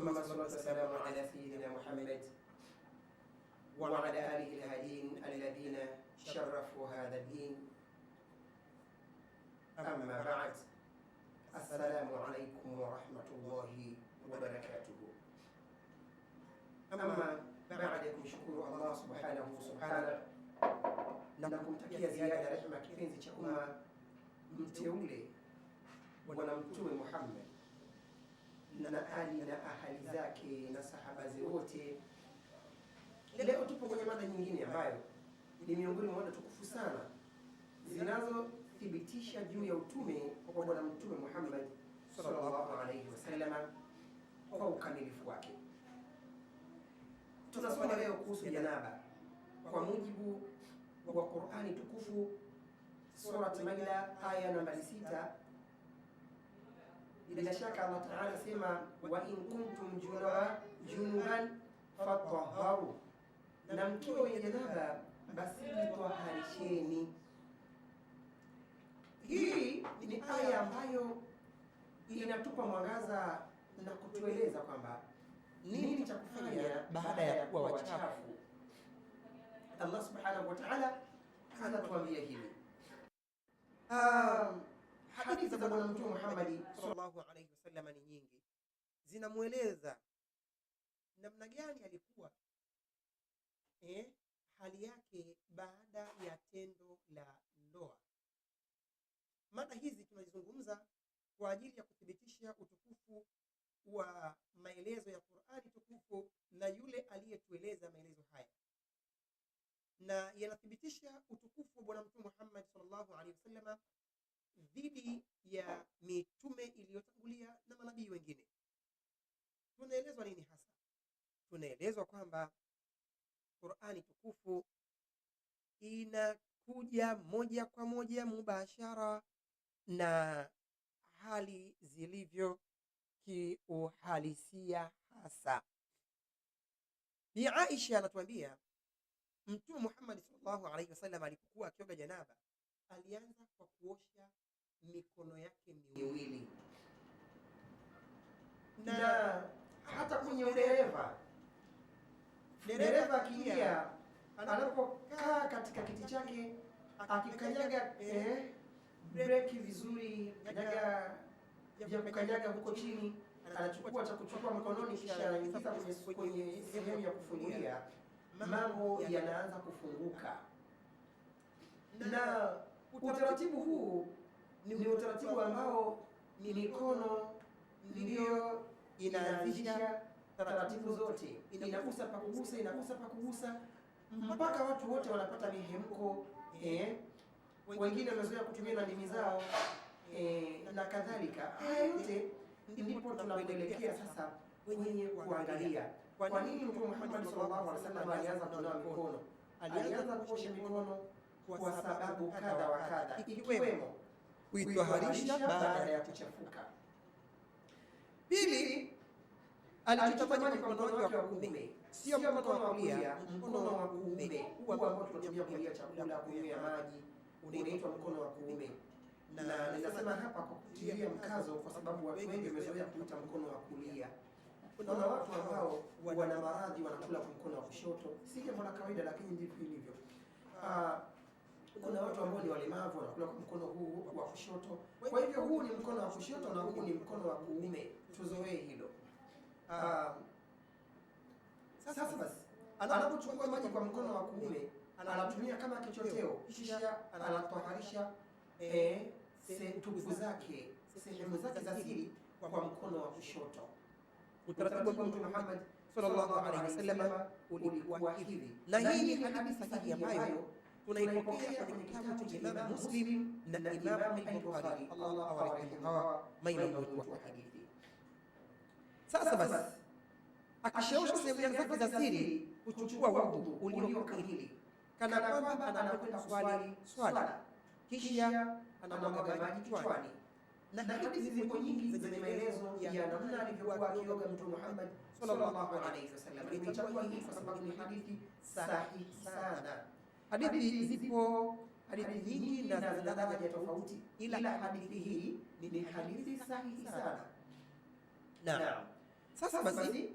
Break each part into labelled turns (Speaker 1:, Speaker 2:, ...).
Speaker 1: ثم على سيدنا محمد وعلى آله الهادين الذين شرفوا هذا الدين أما بعد السلام عليكم ورحمة الله وبركاته أما بعد kumshukuru Allah subhanahu subhana na kumtakia ziada ya rehema kipenzi cha umma mteule bwana Mtume Muhammad na na Ali na ahali zake na sahaba wote. Leo tupo kwenye mada nyingine ambayo ni miongoni mwa mada tukufu sana zinazothibitisha juu ya utume wa Bwana Mtume Muhammad sallallahu alaihi wasallam kwa ukamilifu wake. Tunasoma leo kuhusu janaba kwa mujibu wa Qur'ani tukufu, Surat Maida aya nambari sita bila shaka Allah Taala sema wa in kuntum junuban fatahharu, na mkiwa wenye janaba basi jitaharisheni. Hii ni aya ambayo inatupa mwangaza na kutueleza kwamba nini cha kufanya
Speaker 2: baada ya kuwa wachafu.
Speaker 1: Allah subhanahu wa taala anatuambia hivi um, ah, Hadithi za Bwana Mtume Muhammad sallallahu alaihi wasallam ni nyingi, zinamweleza namna gani alikuwa eh, hali yake baada ya tendo la ndoa. Mada hizi tunazizungumza kwa ajili ya kuthibitisha utukufu wa maelezo ya Qur'ani tukufu na yule aliyetueleza maelezo haya, na yanathibitisha utukufu wa Bwana Mtume Muhammad sallallahu alaihi wasallam dhidi ya mitume iliyotangulia na manabii wengine. Tunaelezwa nini hasa? Tunaelezwa kwamba Qur'ani tukufu inakuja moja kwa moja mubashara na hali zilivyo kiuhalisia hasa. Bi Aisha anatuambia Mtume Muhammad sallallahu alaihi wasallam alipokuwa akioga janaba alianza kwa kuosha mikono yake miwili na, na hata kwenye udereva, dereva akiingia, anapokaa katika kiti chake, akikanyaga eh, breki vizuri, kanyaga vya kukanyaga huko chini, anachukua cha kuchukua mkononi, kisha anaingiza kwenye sehemu ya kufungulia, mambo yanaanza kufunguka. Na utaratibu huu ni utaratibu ambao ni mikono ndiyo inaanzisha taratibu zote, inagusa pakugusa, inagusa pakugusa, mpaka watu wote wanapata mihemko eh, wengine wamezoea kutumia na ndimi zao eh, na kadhalika. Haya yote ndipo tunaelekea sasa kwenye kuangalia kwa nini Mtume Muhammad sallallahu alaihi wasallam alianza kunawa mikono. Alianza kuosha mikono kwa sababu kadha wa kadha, ikiwemo kuitwaharisha baada ya kuchafuka. Pili, alichotafanya mkono wake wa kuume, sio mkono wa kulia. Mkono wa kuume huwa ambao tunatumia kulia chakula, kunywea maji, unaitwa mkono wa kuume, na ninasema hapa kwa kutilia mkazo, kwa sababu watu wengi wamezoea kuita mkono wa kulia. Kuna watu ambao wana maradhi wanakula kwa mkono wa kushoto, si jambo la kawaida, lakini ndivyo ilivyo. Ah. Ah, kuna watu ambao ni walemavu wanakula kwa mkono huu wa kushoto. Kwa hivyo huu ni mkono wa kushoto na huu ni mkono wa kuume, tuzoee hilo. Uh, sasa basi anapochukua maji kwa mkono wa kuume anatumia kama kichoteo, kisha anatoharisha eh, eh tupu zake sehemu zake za siri kwa mkono wa kushoto. Utaratibu wa Mtume Muhammad sallallahu alaihi wasallam ulikuwa hivi, na hii ni hadithi sahihi ambayo tunaipokea kwenye kitabu cha Imam Muslim na Imam al-Bukhari, Allah awarehemu hawa maimamu wetu wa hadithi. Sasa basi, akishaosha sehemu zake za siri, kuchukua wudhu uliokithiri, kana kwamba anakwenda swali swala, kisha anamwaga maji kichwani na hadithi zilizo nyingi zenye maelezo ya namna alivyokuwa akioga Mtume Muhammad sallallahu alaihi wasallam. Nitachagua hii kwa sababu ni hadithi sahihi sana Hadithi zipo hadithi nyingi na za daraja tofauti, ila hadithi hii ni hadithi sahihi sana. Na sasa basi,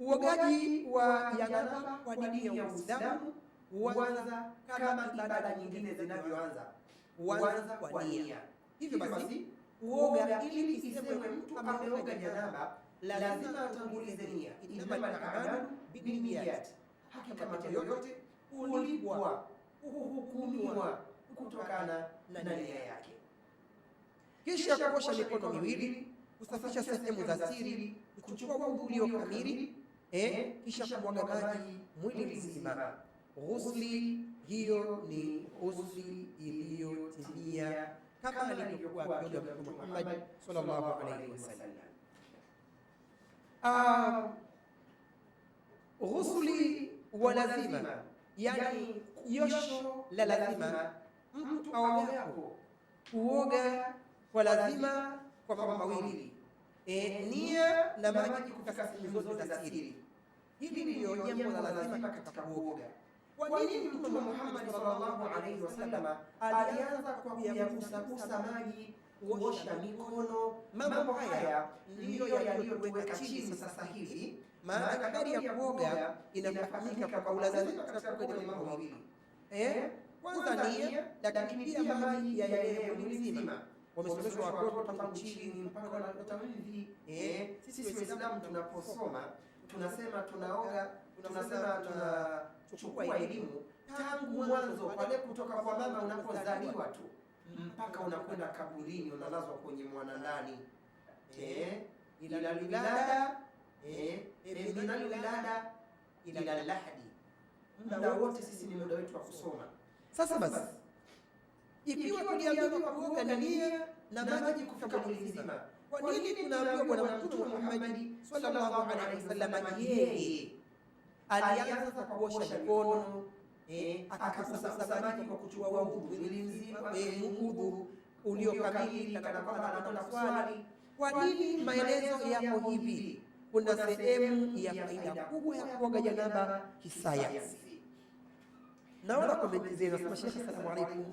Speaker 1: uogaji wa janaba kwa dini ya Uislamu huanza kama ibada nyingine zinavyoanza, huanza kwa nia. Hivyo basi, uoga ili isemwe mtu ameoga janaba, lazima atangulize nia, innamal a'malu binniyat, hakika mtu yote kulipwa kuhukumiwa kutokana na nia yake. Kisha kuosha mikono miwili, kusafisha sehemu za siri, kuchukua udhulio kamili, eh, kisha kumwaga maji mwili mzima. Ghusli hiyo ni ghusli iliyotimia kama alivyokuwa akiona Mtume Muhammad sallallahu alaihi wasallam. Ah, ghusli wa lazima yani josho la lazima, mtu aogapo kuoga kwa lazima kwa mambo mawili e, nia na maji kutoka sehemu zote za siri. Hili ndiyo jambo la lazima katika kuoga. Kwa nini Mtume Muhammad sallallahu alaihi wasallam alianza kwa kuyagusagusa maji kuosha mikono? Mambo haya ndiyo yaliyoweka chini sasa hivi maana habari ya kuoga inafanyika kwa kaula za kaulazimika katika kwenye mambo mawili eh? eh, kwanza ni lakini pia maji ya yeye mwili mzima. Wamesomeshwa watoto tangu chini mpaka wanatamvi. Eh? eh, sisi Waislamu tunaposoma tunasema tunaoga, tunasema tunachukua elimu tangu mwanzo pale, kutoka kwa mama unapozaliwa tu mpaka unakwenda kaburini, unalazwa kwenye mwanandani eh, eh? ila lilala eh, ridinal wilada ila lahadi, muda wote sisi ni muda wetu wa kusoma. Sasa basi, ikiwa tuliambiwa kuoga na nia na maji kufika mwili mzima, kwa nini tunaambiwa Bwana Mtume Muhammad sallallahu alaihi wasallam yeye alianza kuosha mikono eh, eh akakusa samaki kwa kuchua udhu mwili mzima, udhu eh, eh, uliokamili, kana kwamba anakwenda kuswali. Kwa nini maelezo yako hivi? kuna sehemu ya faida kubwa ya kuoga janaba kisayansi. Naona komenti zenu, nasema shekhe, asalamu alaykum.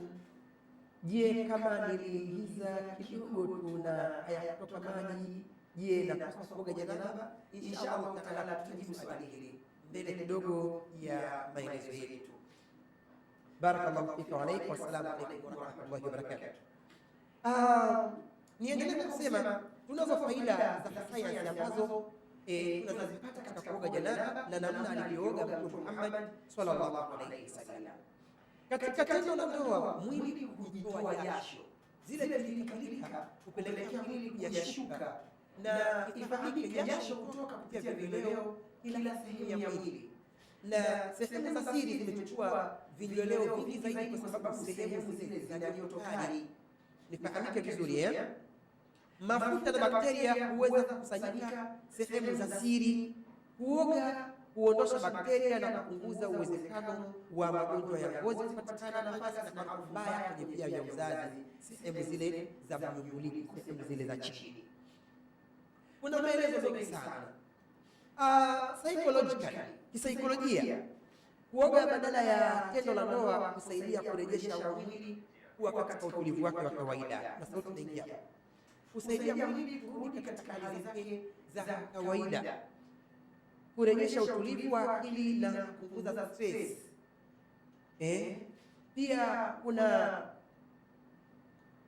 Speaker 1: Je, kama niliingiza kidogo tu na hayakutoka maji, je, napaswa kuoga janaba? Inshallah taala tutajibu swali hili mbele kidogo ya maelezo yetu. Barakallahu fika wa alaikum wassalamu alaikum warahmatullahi wabarakatuh. Ah, niendelee kusema tunazo faida za kisayansi ambazo e, tunazipata katika kuoga janaba na namna alivyooga Mtume Muhammad sallallahu alaihi wasallam. Katika tendo la ndoa, mwili kujitoa jasho, zile kilikilika kupelekea mwili kujashuka, na ifahamike jasho kutoka kupitia vileo kila sehemu ya mwili na sehemu za siri zimechukua viloleo vingi zaidi, kwa sababu sehemu zile zina Nifahamike vizuri eh? eh? mafuta na bakteria huweza kukusanyika sehemu za siri. Kuoga huondosha bakteria na kupunguza uwezekano wa magonjwa ya ngozi kupatikana nafasi na harufu mbaya kwenye via vya uzazi, sehemu zile za mnyumbuliko, sehemu zile za chini. Kuna maelezo mengi sana ah, psychological, kisaikolojia. Kuoga badala ya tendo la ndoa kusaidia kurejesha mwili kuwa katika utulivu wake wa kawaida, na sauti inaingia kusaidia mwili kurudi katika hali zake za kawaida, kurejesha utulivu wa akili na kupunguza stress. Eh? eh, pia kuna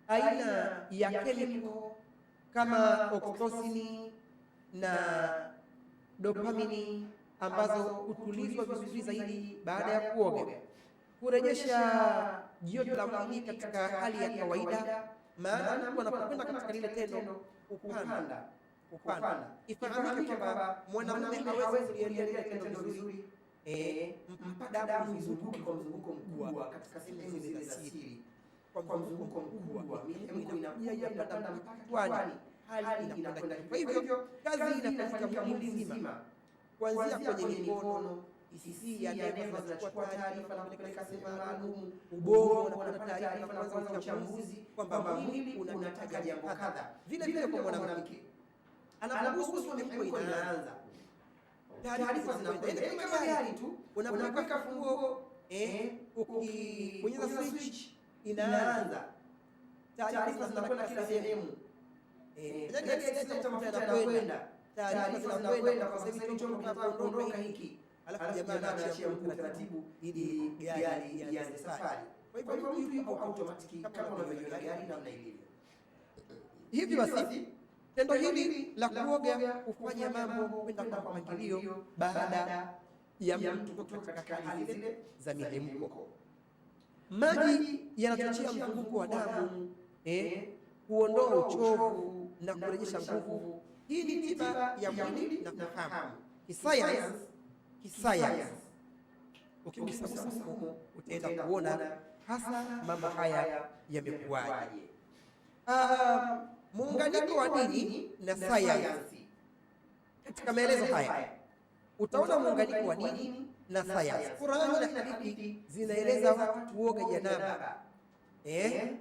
Speaker 1: aina ya kemiko kama oksitosini na dopamini ambazo hutulizwa vizuri zaidi baada ya kuoga, kurejesha joto la mwili katika hali ya kawaida maana anapokwenda katika lile tendo upanda upanda, ifahamike kwamba mwanamume hawezi kuliendea tendo vizuri eh, eh, mpaka damu izunguke kwa mzunguko mkubwa katika sehemu zile za siri, kwa mzunguko mkubwa mihemuko inakuja mpaka kwani hali inakwenda. Kwa hivyo kazi inafanyika mwili mzima, kuanzia kwenye mikono ECC e ya taarifa na kupeleka sehemu maalum Ubongo, wanapata taarifa na kufanya uchambuzi kwamba mwili unataka jambo kadha. Vile vile kwa mwanamke anapogusu mimba inaanza taarifa zinakwenda kama gari tu, unapoweka funguo eh, eh ukibonyeza switch inaanza taarifa zinakwenda kila sehemu eh, ndio kile kile cha mafuta yanakwenda taarifa zinakwenda kwa sababu chombo kinapoondoka hiki alafu jamaa anaachia taratibu ili gari ianze safari. Kwa hivyo mtu yupo automatic kama gari namna ilivyo. Hivi basi tendo hili la kuoga kufanya mambo kwenda kwa mpangilio baada ya mtu kutoka katika hali zile za mihemko, maji yanachochea mzunguko wa damu eh, kuondoa eh, uchovu na kurejesha nguvu. Hii ni tiba ya mwili na kuhamu kisayansi kisayansi. Ukigusa huko utaenda kuona hasa mambo haya yamekuwaje. Ah, muunganiko wa dini na sayansi katika maelezo haya utaona muunganiko wa dini na sayansi. Qurani na hadithi zinaeleza kuoga janaba eh, eh?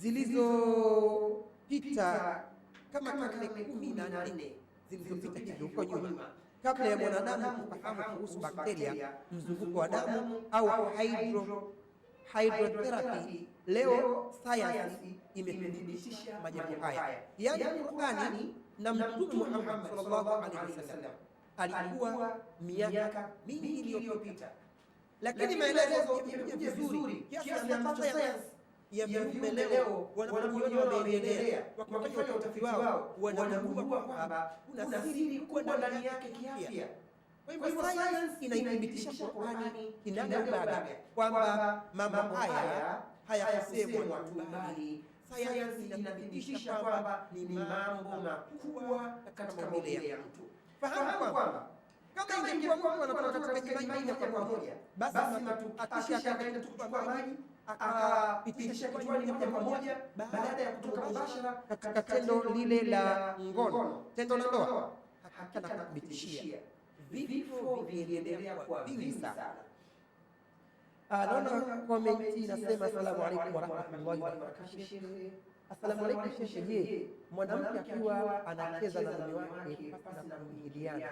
Speaker 1: zilizopita kama karne kumi na nne zilizopita hivi huko nyuma kabla ya mwanadamu kufahamu kuhusu bakteria, mzunguko wa damu au hydro hydrotherapy leo sayansi imethibitisha majambo haya, yaani, yaani Qur'ani na Mtume Muhammad sallallahu alaihi wasallam alikuwa miaka mingi iliyopita, lakini maelezo yamekuja vizuri kiasi ambacho sayansi ya viumbe leo wanapojiona wameendelea, wakifanya utafiti wao wanagundua kwamba kuna siri kubwa ndani yake kiafya. Kwa hivyo sayansi inaithibitisha Qur'ani kinagaubaga kwamba mambo haya hayakusemwa tu, bali sayansi inathibitisha kwamba ni mambo makubwa katika mwili ya mtu. Fahamu kwamba kama ingekuwa mtu anatoka katika maji moja kwa moja, basi matukisha akaenda kuchukua maji akapitisha kichwani moja kwa moja baada ya kutoka mubashara katika tendo lile la ngono, tendo la ndoa. Hakika nakuthibitishia vifo viliendelea kwa vingi sana. Ah, naona komenti inasema, asalamu alaykum wa rahmatullahi wa barakatuh. Asalamu alaykum shehe, mwanamke akiwa anacheza na mume wake pasi na kuingiliana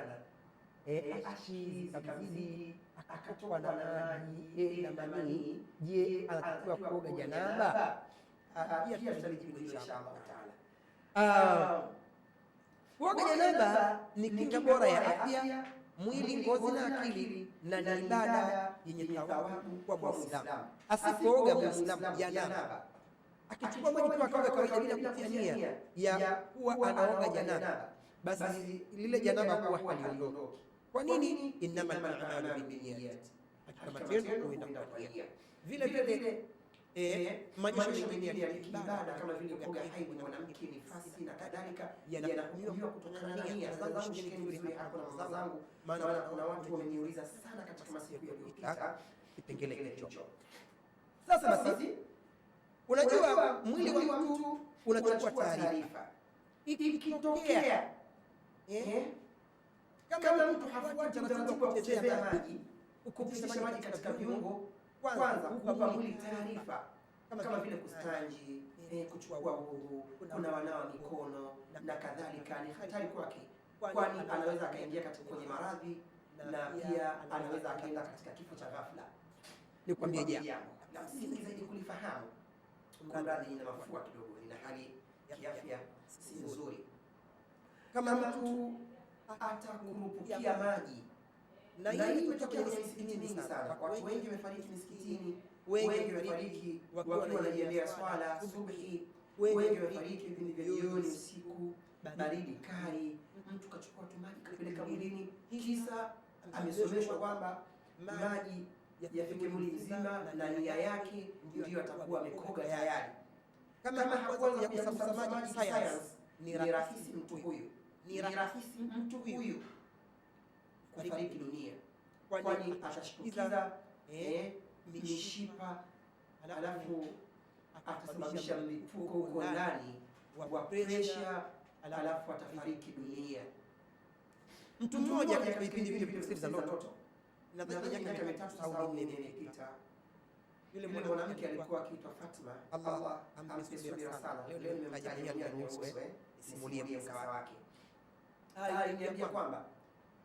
Speaker 1: Eh, eh, asizikabidhi akatokwa na maji eh, na manii, je, anatakiwa kuoga janaba? Ah, ah, pia tusaliti insha Allahu taala. Ah, kuoga janaba ni kinga bora ya afya mwili, ngozi na akili, na ni ibada yenye thawabu kwa Muislamu. Asipooga Muislamu janaba akichukua maji tu akaoga kawaida bila kutia nia ya kuwa anaoga janaba, basi lile janaba kuwa haliondoki. Kwa nini? al a'malu binniyat, hakika matendo huenda kwa nia. Vile vile eh, eh majisho mengine ibada kama vile kuoga haibu na mwanamke fasi na kadhalika yanahukumiwa kutokana na nia zangu. Shikeni vizuri hapo na zangu, maana kuna watu wameniuliza sana katika masiku yaliyopita kipengele hicho. Sasa basi, unajua mwili wa mtu unachukua taarifa ikitokea eh, eh, kama mtu hafuati utaratibu wa kuchezea maji, kupitisha maji katika viungo, kwanza hupa mwili taarifa kama vile kustanji, eh, eh, kuchukua udhu, wanawa mikono na kadhalika, ni hatari kwake, kwani anaweza akaingia katika kwenye maradhi na pia anaweza akaenda katika kifo cha ghafla. Nikwambie jambo la msingi zaidi kulifahamu. Mradhi ina mafua kidogo, ina hali kiafya si nzuri, kama mtu atakurupukia maji. Na hii limetokea kwenye misikiti mingi sana. kwa Watu wengi wamefariki misikitini, wengi wamefariki wakiwa wanajiendea swala subhi, wengi wamefariki vipindi vya jioni, usiku, baridi kali, mtu kachukua tu maji kapeleka mwilini, kisa amesomeshwa kwamba maji yafike mwili mzima na nia yake ndiyo atakuwa amekoga tayari. Kama hakuwa ya kusambaza maji kisayansi, ni rahisi mtu huyu ni rahisi mtu huyu kufariki dunia, kwani atashtukiza eh, eh, mishipa alafu atasababisha mlipuko huko ndani wa presha, alafu atafariki dunia. Mtu mmoja katika vipindi vile vya ndoto, nadhani miaka mitatu au minne imepita, yule mwanamke alikuwa akiitwa Fatima, Allah amrehemu sana. Leo nimemtajia nyeusi, simulie mkasa wake aliniambia kwamba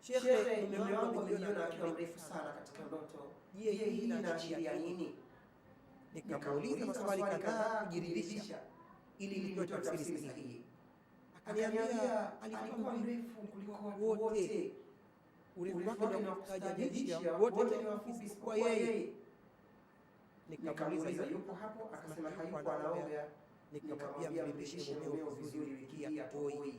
Speaker 1: shehe, mume wangu ameniona akiwa mrefu sana katika ndoto. Je, hii inaashiria nini? Nikamuuliza maswali kadhaa kujiridhisha ili nijue tafsiri sahihi. Akaniambia alikuwa mrefu kuliko wote, urefu wake na kustaajabisha, wote ni wafupi isipokuwa yeye. Nikamuuliza yupo hapo? Akasema hayupo, anaoga. Nikamwambia mrembeshe mumeo vizuri, wikia toi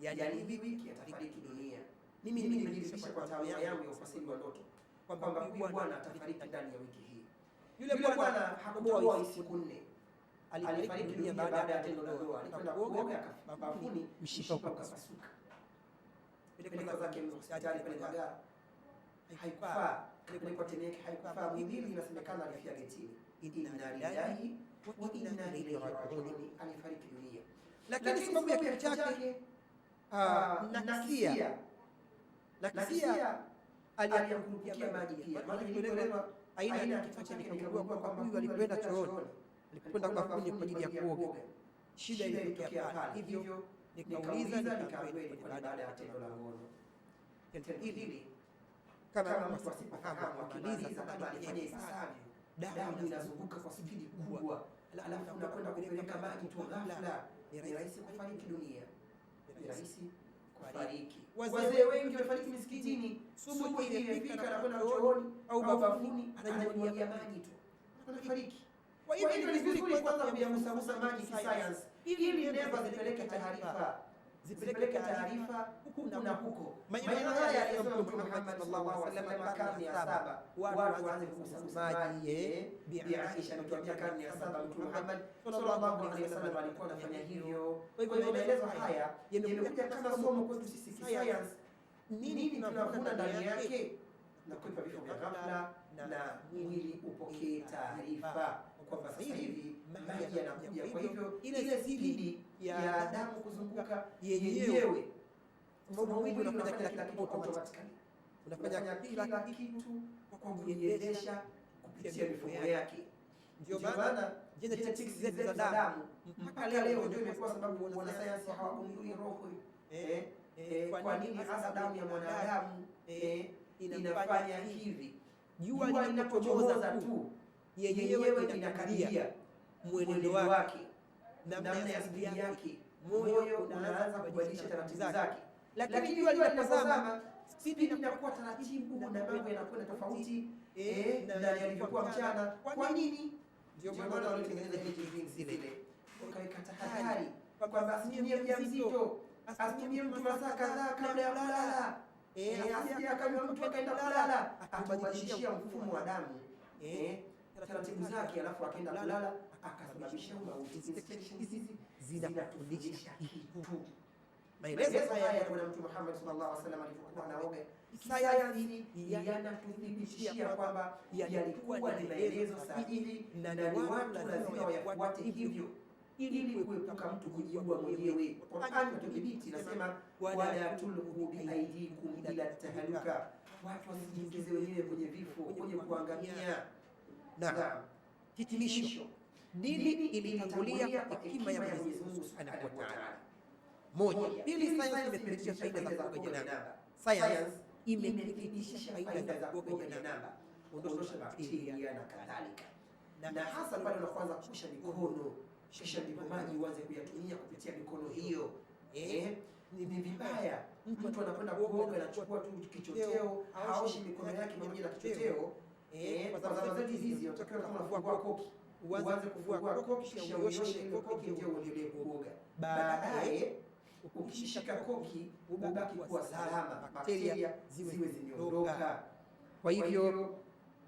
Speaker 1: yajaribu wiki atafariki dunia. Mimi nimejiridhisha kwa taaluma yangu ya ufasiri wa ndoto kwamba huyu bwana atafariki ndani ya wiki hii. Yule bwana hakuoa siku nne, alifariki dunia baada ya tendo la ndoa. Alikwenda kuoga bafuni, mshipa ukapasuka, pelekwa zake hospitali pale Ngagara, haikufaa. Pelekwa Temeke, haikufaa. Mwilini inasemekana alifia getini. Inna lillahi wa inna ilaihi rajiun, alifariki dunia, lakini sababu ya kifo chake uh, ah, nakia Naksia aliyakungukia maji pia, maana aina ya kifaa chake, nikagundua kwamba huyu alikwenda chooni, alikwenda bafuni kwa ajili ya kuoga, shida ilitokea pale. Hivyo nikauliza nikaambiwa baada ya tendo la ngono hili kama msipofahamu wakiliza sababu sana damu inazunguka kwa spidi kubwa, alafu unakwenda kupeleka maji tu ghafla, ni rahisi kufariki dunia rahisi kufariki. Wazee wengi wamefariki misikitini, subuhi ilifika na kwenda chooni au bafuni, anajimwagia maji tu anafariki. Kwa hivyo ni vizuri kwanza kuyagusagusa maji kisayansi, ili neva zipeleke taarifa zipeleke taarifa huku na huko. Maneno haya ya Mtume Muhammad sallallahu alaihi wasallam karne ya saba, watu waanze kukusanyumaji bi Aisha anatuambia karne ya saba Mtume Muhammad sallallahu alaihi wasallam alikuwa anafanya hivyo. Kwa hivyo maelezo haya yamekuja kama somo kwetu sisi kisayansi, nini tunavuna ndani yake na kuipa vifo vya ghafla na mwili upokee taarifa kwamba sasa hivi maji yanakuja. Kwa hivyo ile spidi ya damu kuzunguka yenyewe. Mwili unafanya kila kitu automatically, unafanya kila kitu kwa kujiendesha kupitia mifumo yake. Ndio maana genetics zetu za damu mpaka leo ndio imekuwa sababu wanasayansi hawagundui roho eh eh, eh, eh, kwa nini hasa damu ya mwanadamu eh, eh inafanya hivi. Jua linapochomoza tu yenyewe inakaribia mwenendo wake namna ya spidi yake, moyo unaanza kubadilisha taratibu zake, lakini jua linapozama spidi inakuwa taratibu na mambo yanakwenda tofauti eh, eh na yalivyokuwa mchana. Kwa nini? Ndio maana walitengeneza zile wakaweka tahadhari kwamba asitumie mjamzito, asitumie mtu masaa kadhaa kabla ya kulala, eh, eh, asije mtu akaenda kulala atabadilishia mfumo wa damu taratibu zake, alafu akaenda kulala akasababisha mauti. Hizi zinatufundisha kitu. Maelezo haya ya Bwana Mtume Muhammad sallallahu alaihi wasallam alipokuwa anaoga, sayansi yanatuthibitishia kwamba yalikuwa ni maelezo sahihi na ni watu lazima wayafuate hivyo ili kuepuka mtu kujiua mwenyewe. Qur'an tudhibiti nasema, wala tulhu biaidikum ila tahaluka, watu wasijiingize wenyewe kwenye vifo, kwenye kuangamia. Na hitimisho Dini ilitangulia kwa hekima ya Mwenyezi Mungu Subhanahu wa Ta'ala. Moja, pili, sayansi imethibitisha faida za kuoga janaba. Sayansi imethibitisha faida za kuoga janaba, kuondosha bakteria na kadhalika, na hasa pale unapoanza kusha mikono, kisha ndipo maji uanze kuyatumia kupitia mikono hiyo. Eh, ni vibaya mtu anakwenda kuoga, anachukua tu kichoteo, haoshi mikono yake pamoja na kichoteo, eh, kwa sababu hizi zinatokana na kufua kwa koki uanze kuvua kwako kisha uoshe uendelee kuoga. Baadaye ukishika koki ubaki kuwa salama, bakteria ziwe zimeondoka. Kwa hivyo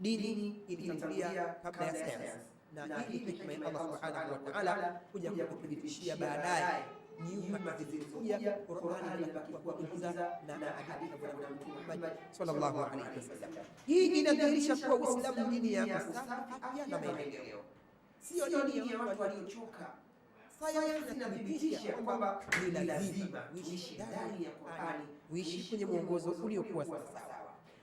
Speaker 1: dini ilitangulia kabla ya sayansi, na hii hikima Allah subhanahu wa ta'ala kuja kukuthibitishia baadaye nyuma zilizokuja Qur'ani ilibaki kuwa miujiza na hadithi za Mtume Muhammad sallallahu alaihi wasallam. Hii inadhihirisha kuwa Uislamu dini ya usafi na maendeleo sio dini ya watu waliochoka. Sayansi inathibitisha kwamba ni lazima tuishi ndani ya Qur'ani, uishi kwenye mwongozo uliokuwa sawasawa.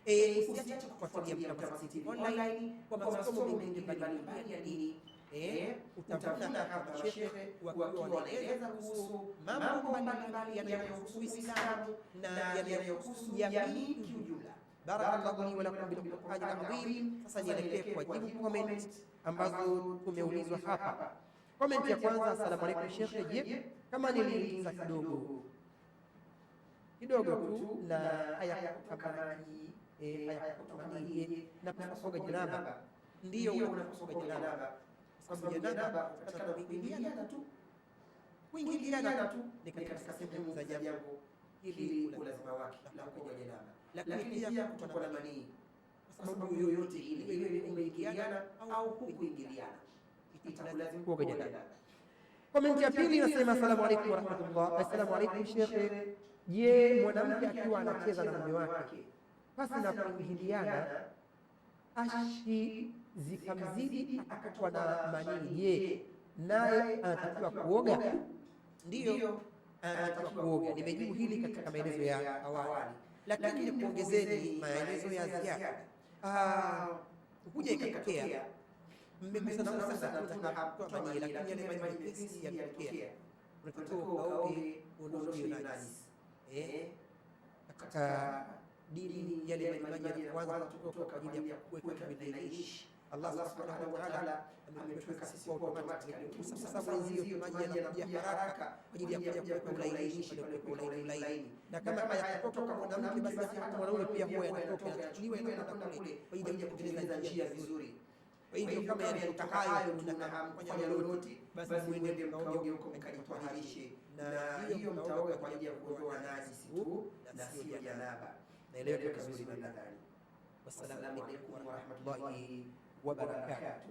Speaker 1: Eh, eh, usiache kufuatilia Mtazamo City online kwa masomo mengi mbalimbali ya dini. Eh, eh utafuta hapa mashehe wakiwa wanaeleza kuhusu mambo mbalimbali yanayohusu Uislamu na yanayohusu jamii kiujumla. Barakallahu wa lakum bil Qur'an al-azim. Sasa nielekee kujibu comment ambazo tumeulizwa hapa. Comment ya kwanza, asalamu alaykum shekhe, je, kama niliuliza kidogo kidogo tu na hayakutabaki eh, hayakutabaki na kusoga janaba, ndio unakusoga janaba kwa sababu janaba katika kuingiliana tu kuingiliana tu ni katika sehemu za jambo ili ulazima wake la kusoga janaba lakini pia kutakuwa na manii kwa sababu yoyote ile, iwe umeingiliana au hukuingiliana, itakulazimu kuoga Komenti ya pili inasema, asalamu alaykum wa rahmatullah. alaykum Sheikh. je, mwanamke akiwa anacheza na mume wake pasi na kuingiliana ashi zikamzidi akatwa na manii, je, naye anatakiwa kuoga? Ndiyo, anatakiwa kuoga. Nimejibu hili katika maelezo ya awali lakini nikuongezeni maelezo ya ziada. Ah, ah, kuja ikatokea mmegusa na sasa tunatoa maji, lakini yale maji mepesi yakitokea, unatakiwa ukaoge uondoe najisi eh? eh, katika dini yale maji ya kwanza kutoka kwa ajili ya kuweka bila Allah subhanahu wa ta'ala ametuweka sisi kwa automatic, kwa hiyo maji yanakuja haraka kwa ajili ya kuweka ulainisha na kuweka ulaini, na kama yatoka mwanamke basi hata mwanaume pia huwa yanatoka yanachukuliwa yanakwenda kule kwa ajili ya kutengeneza njia vizuri. Kwa hivyo kama yalitakayo tunafanya lolote, basi mwende mkaoge huko mkajitwaharishe, na hiyo mtaoga kwa ajili ya kuondoa najisi tu na sio janaba. Naelewa vizuri nadhani. Wassalamu alaykum wa rahmatullahi وبركاته